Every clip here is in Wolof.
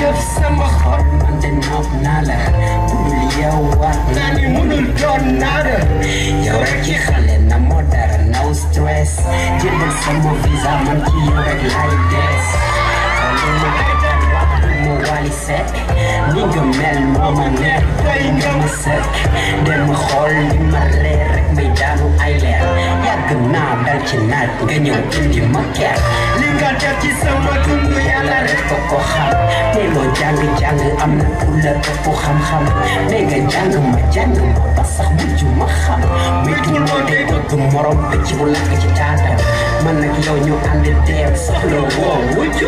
yëpp sama xol man de nopp naa la budul yow wax naa ni munul doon naara yow rek ci xale na moo dara naw stress jëndal sama visa man ci yow rek laay des mu wali set li nga mel moo ma leer tey nga ma sekk dem xool li ma leer rek may daanu ay leer yàgg naa dal ci naaj nga ñëw indi ma keer li nga def ci sama dund yàlla rek ko ko xam ne loo jàng jàng am na ku la ëpp xam-xam ne nga jàng ma jàng ma ba sax mujj ma xam muy tuul moo dee dëgg morom ba ci bu lakk ci taatam man nag yow ñu ànd teer soxla woo wujj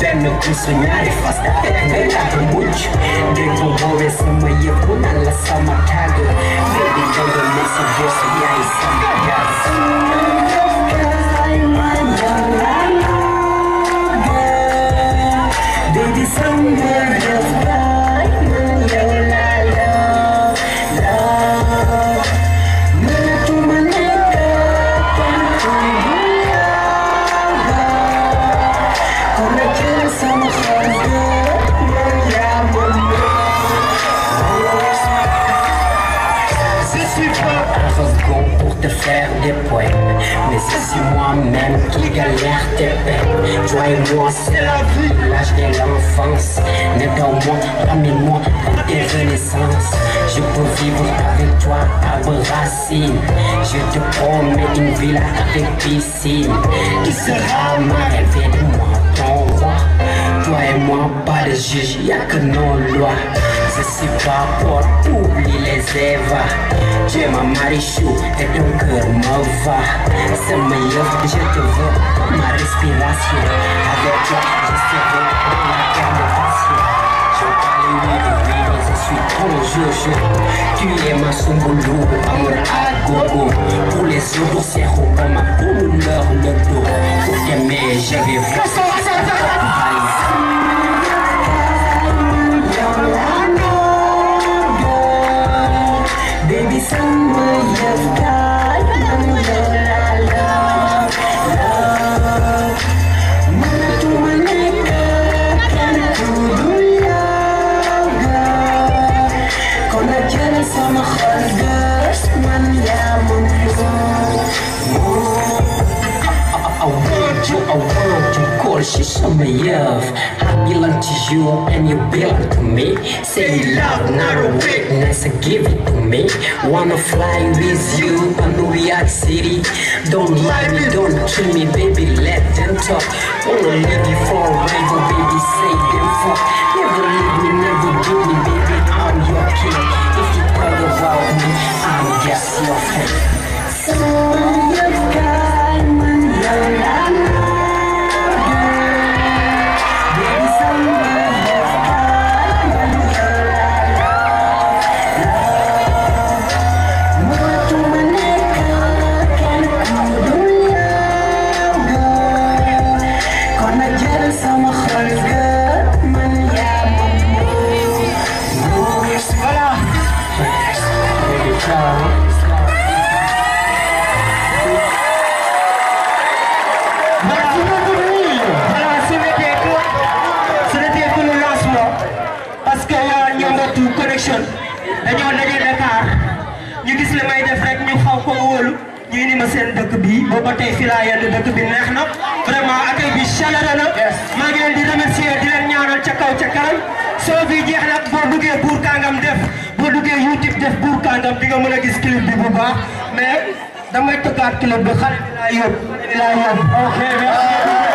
benn Хочу soñar fasta tekneta bulç Deko boves mı yapınan la samakagı Baby you're the missing here so yeah it's te faire des poèmes. Mais c'est moi-même qui galère tes peines. Toi moi, c'est la vie, de l'enfance. N'est dans moi, ramène-moi des renaissances. Je peux vivre avec toi à vos Je te promets une villa avec piscine. Qui sera ma rêve moi, ton roi. Toi moi, pas de juge, y'a que Accessible pour publie les œuvres. Je m'amarie chaud et ton cœur me va. C'est ma love, je te veux, ma respiration. Avec toi, je serai ma carnation. Je parle une je suis trop jojo. Tu es ma songolo, amour à gogo. Pour les autres, c'est comme ma boule leur le dos. Pour t'aimer, je vais faire Award, award, of course, it's on my love. You love to you and you belong to me Say love, not a witness, give it to me Wanna fly with you on New York City Don't lie me, don't kill me, baby, let them talk Wanna leave you for a rival, baby, say them fuck Never leave dañoo daje Dakar ñu gis li may def rek ñu xaw ko wóolu ñu ni ma seen dëkk bi booba tey fi laa yenn dëkk bi neex na vraiment accueil bi chaleur na di remercier di leen ñaanal ca kaw soo bi jeex nag boo duggee buur kàngam def boo duggee youtube def buur kàngam di nga mën a gis clip bi bu baax mais damay tëggaat clip bi xale bi laa yóbbu xale bi